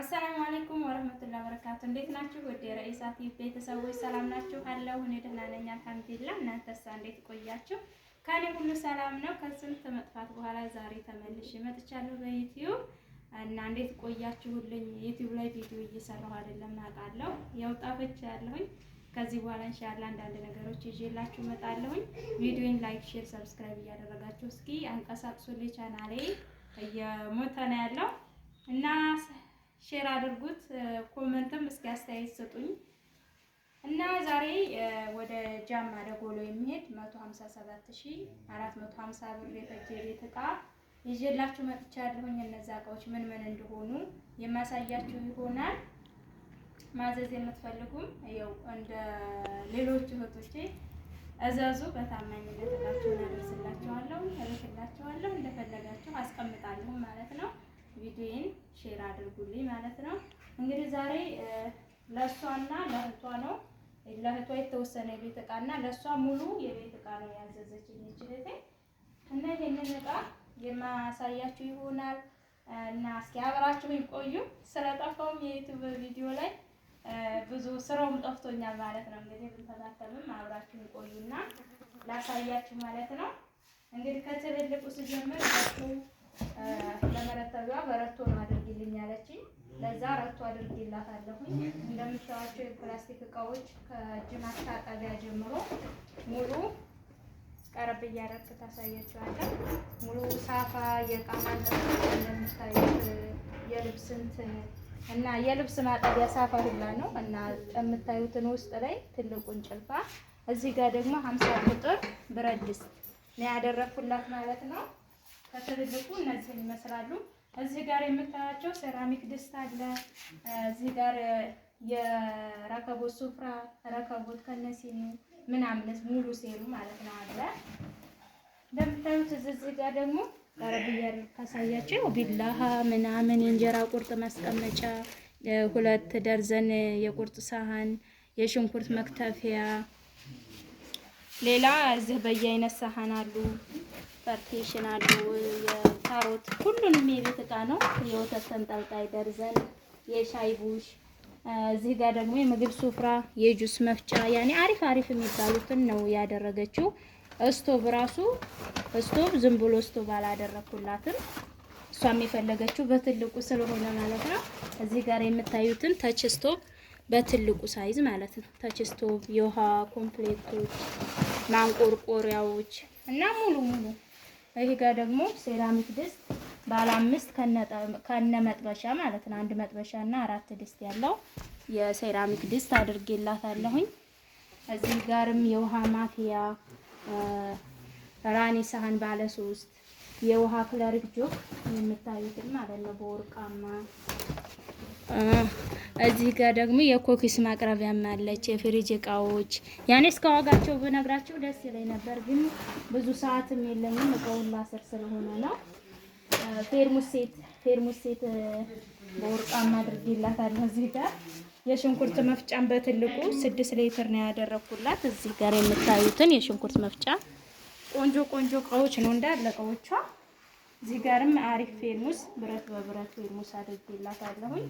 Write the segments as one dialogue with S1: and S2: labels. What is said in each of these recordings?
S1: አሰላሙ አለይኩም ወረህመቱላሂ ወበረካቱ። እንዴት ናችሁ? ወደ ረኢሳት ቤተሰቦች ሰላም ናችሁ? አለሁ እኔ ደህና ነኝ አልሐምዱሊላህ። እናንተሳ እንዴት ቆያችሁ? ከኔ ሁሉ ሰላም ነው። ከስንት መጥፋት በኋላ ዛሬ ተመልሼ መጥቻለሁ በዩቲዩብ እና እንዴት ቆያችሁልኝ? ዩቲዩብ ላይ ቪዲዮ እየሰራሁ አይደለም አውቃለሁ። ያው ጣፈች ያለሁኝ ከዚህ በኋላ ኢንሻአላህ አንዳንድ ነገሮች ይዤላችሁ እመጣለሁኝ። ቪዲዮን ላይክ፣ ሼር፣ ሰብስክራይብ እያደረጋችሁ እስኪ አንቀሳቅሱልኝ ቻናሌ እየሞተ ነው ያለው እና ሼር አድርጉት፣ ኮመንትም እስኪ አስተያየት ስጡኝ እና ዛሬ ወደ ጃማ ደጎሎ የሚሄድ 157450 ብር የፈጀ ቤት ዕቃ ይዤላችሁ መጥቻለሁኝ። እነዛ እቃዎች ምን ምን እንደሆኑ የማሳያችሁ ይሆናል። ማዘዝ የምትፈልጉም ያው እንደ ሌሎች እህቶቼ እዘዙ በታማኝነት እንግዲህ ዛሬ ለእሷና ለእህቷ ነው ለእህቷ የተወሰነ የቤት እቃ እና ለእሷ ሙሉ የቤት እቃ ነው ያዘዘች የሚችልት እና ይህንን እቃ የማሳያችሁ ይሆናል እና እስኪ አብራችሁ ይቆዩ። ስለጠፋውም የዩቱብ ቪዲዮ ላይ ብዙ ስራውም ጠፍቶኛል ማለት ነው። እንግዲህ ብንተካከልም አብራችሁ ይቆዩና ላሳያችሁ ማለት ነው። እንግዲህ ከትልልቁ ስጀምር ለመረተቢያ በረቶ ነው አድርጊልኝ ያለችኝ። ለዛ ረቶ አድርጌላታለሁኝ። እንደምታዩዋቸው የፕላስቲክ እቃዎች ከእጅ ማስታጠቢያ ጀምሮ ሙሉ ቀረብ እያደረክ ታሳያቸዋለህ። ሙሉ ሳፋ፣ የእቃ እንደምታዩት የልብስ እና የልብስ ማጠቢያ ሳፋ ሁላ ነው እና የምታዩትን ውስጥ ላይ ትልቁን ጭልፋ እዚህ ጋር ደግሞ ሀምሳ ቁጥር ብረት ድስት ነው ያደረኩላት ማለት ነው። ከትልልቁ እነዚህን ይመስላሉ። እዚህ ጋር የምታያቸው ሴራሚክ ድስት አለ። እዚህ ጋር የረከቦት ሱፍራ ረከቦት ከነሲኒ ምናምን ሙሉ ሴሉ ማለት ነው አለ። እንደምታዩት እዚህ ጋር ደግሞ ቀረብያል ካሳያቸው ቢላሃ ምናምን የእንጀራ ቁርጥ ማስቀመጫ፣ ሁለት ደርዘን የቁርጥ ሳህን፣ የሽንኩርት መክተፊያ፣ ሌላ እዚህ በየአይነት ሳህን አሉ። ፓርቴሽን አለው የካሮት ሁሉንም የቤት እቃ ነው። የወተት ተንጠልጣይ ደርዘን፣ የሻይ ቡሽ፣ እዚህ ጋር ደግሞ የምግብ ሱፍራ፣ የጁስ መፍጫ ያኔ አሪፍ አሪፍ የሚባሉትን ነው ያደረገችው። እስቶቭ ራሱ እስቶቭ ዝም ብሎ እስቶቭ አላደረኩላትም። እሷ የፈለገችው በትልቁ ስለሆነ ማለት ነው። እዚህ ጋር የምታዩትን ተች ስቶቭ በትልቁ ሳይዝ ማለት ነው። ተች ስቶቭ፣ የውሃ ኮምፕሌቶች፣ ማንቆርቆሪያዎች እና ሙሉ ሙሉ ይሄ ጋር ደግሞ ሴራሚክ ድስት ባለ አምስት ከነ መጥበሻ ማለት ነው። አንድ መጥበሻ እና አራት ድስት ያለው የሴራሚክ ድስት አድርጌላታለሁኝ። እዚህ ጋርም የውሃ ማፍያ ራኒ ሳህን ባለ ሶስት የውሃ ክለሪክ ጆክ የምታዩትን ማለት ነው በወርቃማ እዚህ ጋር ደግሞ የኮኪስ ማቅረቢያ አለች፣ የፍሪጅ እቃዎች። ያኔ እስከ ዋጋቸው ብነግራቸው ደስ ይለኝ ነበር፣ ግን ብዙ ሰዓትም የለኝም እቃውን ላስር ስለሆነ ነው። ፌርሙሴት ፌርሙሴት በወርቃማ አድርጌላታለሁ። እዚህ ጋር የሽንኩርት መፍጫን በትልቁ ስድስት ሌትር ነው ያደረኩላት። እዚህ ጋር የምታዩትን የሽንኩርት መፍጫ ቆንጆ ቆንጆ እቃዎች ነው እንዳለ እቃዎቿ እዚህ ጋርም አሪፍ ፌርሙስ ብረት በብረት ፌርሙስ አድርጌላታለሁኝ።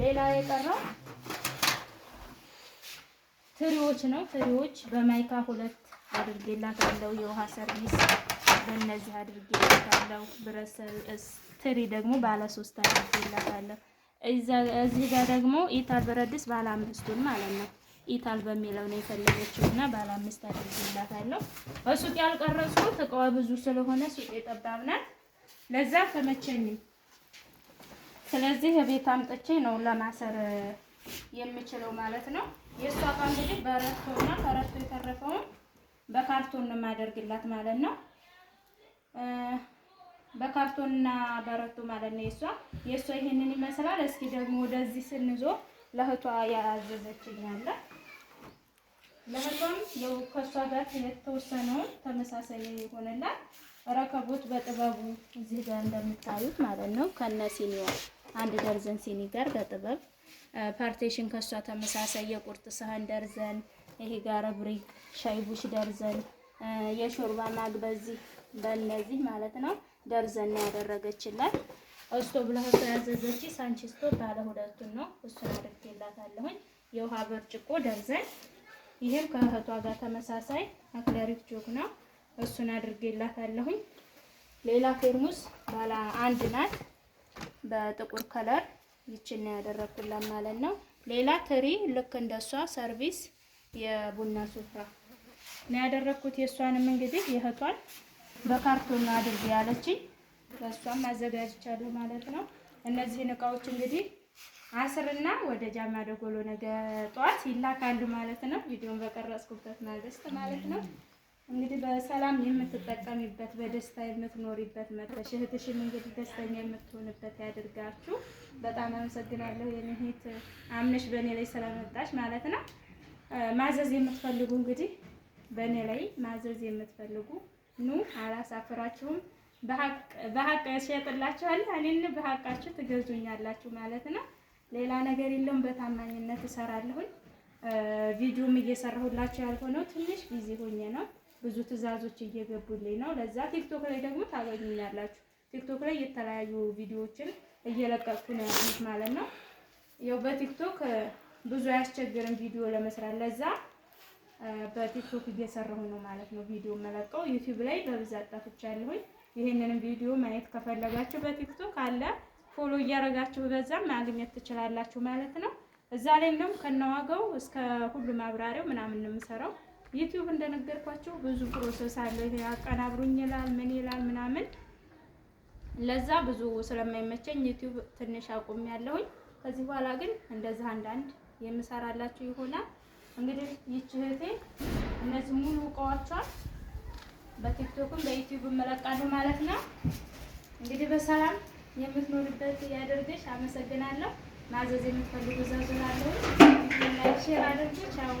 S1: ሌላ የቀረው ትሪዎች ነው። ትሪዎች በማይካ ሁለት አድርጌላታለሁ። የውሃ ሰርቪስ በእነዚህ አድርጌላታለሁ። ብረት ሰርቪስ ትሪ ደግሞ ባለ ሶስት አድርጌላታለሁ። እዚህ ጋር ደግሞ ኢታ ብረት ድስት ባለ አምስቱን ማለት ነው ኢታል በሚለው ነው የፈለገችው እና ባለ አምስት አድርጌላታለሁ። ሱቅ ያልቀረጽኩት እቃዋ ብዙ ስለሆነ ሱቅ የጠባብ ናት። ለዛ ተመቸኝ። ስለዚህ ቤት አምጥቼ ነው ለማሰር የምችለው ማለት ነው። የእሷ እቃ እንግዲህ በረቶና ከረቶ የተረፈውን በካርቶን ነው የማደርግላት ማለት ነው። በካርቶንና በረቶ ማለት ነው የእሷ የእሷ ይሄንን ይመስላል። እስኪ ደግሞ ወደዚህ ስንዞ ለእህቷ ያዘዘችኝ አለ። ለህቷም ከእሷ ጋር የተወሰነውን ተመሳሳይ የሆነላት ረከቦት በጥበቡ እዚህ ጋር እንደምታዩት ማለት ነው። ከነ ሲኒዋ አንድ ደርዘን ሲኒ ጋር በጥበብ ፓርቴሽን ከእሷ ተመሳሳይ የቁርጥ ሰህን ደርዘን፣ ይሄ ጋር ብሪክ ሻይ ቡሽ ደርዘን፣ የሾርባ ማግ በዚህ በእነዚህ ማለት ነው ደርዘን ያደረገችላት። እስቶ ለእሷ ያዘዘች ሳንቺስቶ ስቶብ ባለ ሁለቱን ነው። እሱን አድርጌላታለሁኝ። የውሃ ብርጭቆ ደርዘን ይሄም ከእህቷ ጋር ተመሳሳይ አክለሪክ ጆክ ነው። እሱን አድርጌላታለሁኝ። ሌላ ፌርሙስ ባለ አንድ ናት፣ በጥቁር ከለር ይችን ያደረግኩላት ማለት ነው። ሌላ ትሪ ልክ እንደሷ ሰርቪስ የቡና ሱፍራ ነው ያደረኩት። የእሷንም እንግዲህ የእህቷን በካርቶን አድርጌ ያለችኝ በእሷም አዘጋጅቻለሁ ማለት ነው። እነዚህን እቃዎች እንግዲህ አስርና ወደ ጃማ ደጎሎ ነገጧ ይላካሉ ማለት ነው። ቪዲዮን በቀረጽኩበት ማግስት ማለት ነው። እንግዲህ በሰላም የምትጠቀሚበት በደስታ የምትኖሪበት መጥተሽ እህትሽም እንግዲህ ደስተኛ የምትሆንበት ያድርጋችሁ። በጣም አመሰግናለሁ የኔ እህት አምነሽ በእኔ ላይ ስለመጣሽ ማለት ነው። ማዘዝ የምትፈልጉ እንግዲህ በእኔ ላይ ማዘዝ የምትፈልጉ ኑ፣ አላሳፍራችሁም። በሀቅ እሸጥላችኋለሁ። እኔን በሀቃችሁ ትገዙኛላችሁ ማለት ነው። ሌላ ነገር የለውም። በታማኝነት እሰራለሁኝ። ቪዲዮም እየሰራሁላችሁ ያልሆነው ትንሽ ቢዚ ሆኜ ነው። ብዙ ትዕዛዞች እየገቡልኝ ነው። ለዛ ቲክቶክ ላይ ደግሞ ታገኙኛላችሁ። ቲክቶክ ላይ የተለያዩ ቪዲዮዎችን እየለቀቅኩ ነው ያሉት ማለት ነው። ያው በቲክቶክ ብዙ አያስቸግርም ቪዲዮ ለመስራት። ለዛ በቲክቶክ እየሰራሁ ነው ማለት ነው ቪዲዮ መለቀው። ዩቲዩብ ላይ በብዛት ጠፍቻለሁኝ። ይህንንም ቪዲዮ ማየት ከፈለጋችሁ በቲክቶክ አለ ፎሎ እያደረጋችሁ በዛም ማግኘት ትችላላችሁ ማለት ነው። እዛ ላይ ነው ከነዋጋው እስከ ሁሉ ማብራሪያው ምናምን ነው የምሰራው። ዩቲዩብ እንደነገርኳቸው ብዙ ፕሮሰስ አለ። ይሄ አቀናብሩኝ ይላል ምን ይላል ምናምን። ለዛ ብዙ ስለማይመቸኝ ዩቲዩብ ትንሽ አቁም ያለሁኝ። ከዚህ በኋላ ግን እንደዛ አንዳንድ የምሰራላችሁ ይሆናል። እንግዲህ ይቺ እህቴ እነዚህ ሙሉ እቃዎቿን በቲክቶክም በዩቲዩብ እመለቃለሁ ማለት ነው። እንግዲህ በሰላም የምትኖርበት ያደርገሽ። አመሰግናለሁ። ማዘዝ የምትፈልጉ ዘዙ ላለ ሼር አድርጉ። ቻው